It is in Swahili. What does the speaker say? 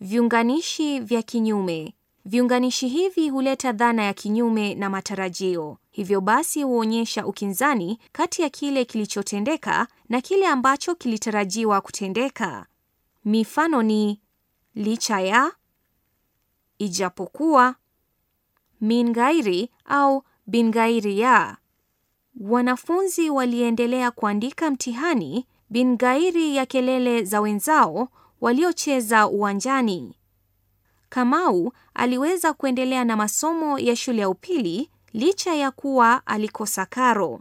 Viunganishi vya kinyume. Viunganishi hivi huleta dhana ya kinyume na matarajio, hivyo basi huonyesha ukinzani kati ya kile kilichotendeka na kile ambacho kilitarajiwa kutendeka. Mifano ni licha ya, ijapokuwa, mingairi au bingairi ya. Wanafunzi waliendelea kuandika mtihani bingairi ya kelele za wenzao waliocheza uwanjani. Kamau aliweza kuendelea na masomo ya shule ya upili licha ya kuwa alikosa karo.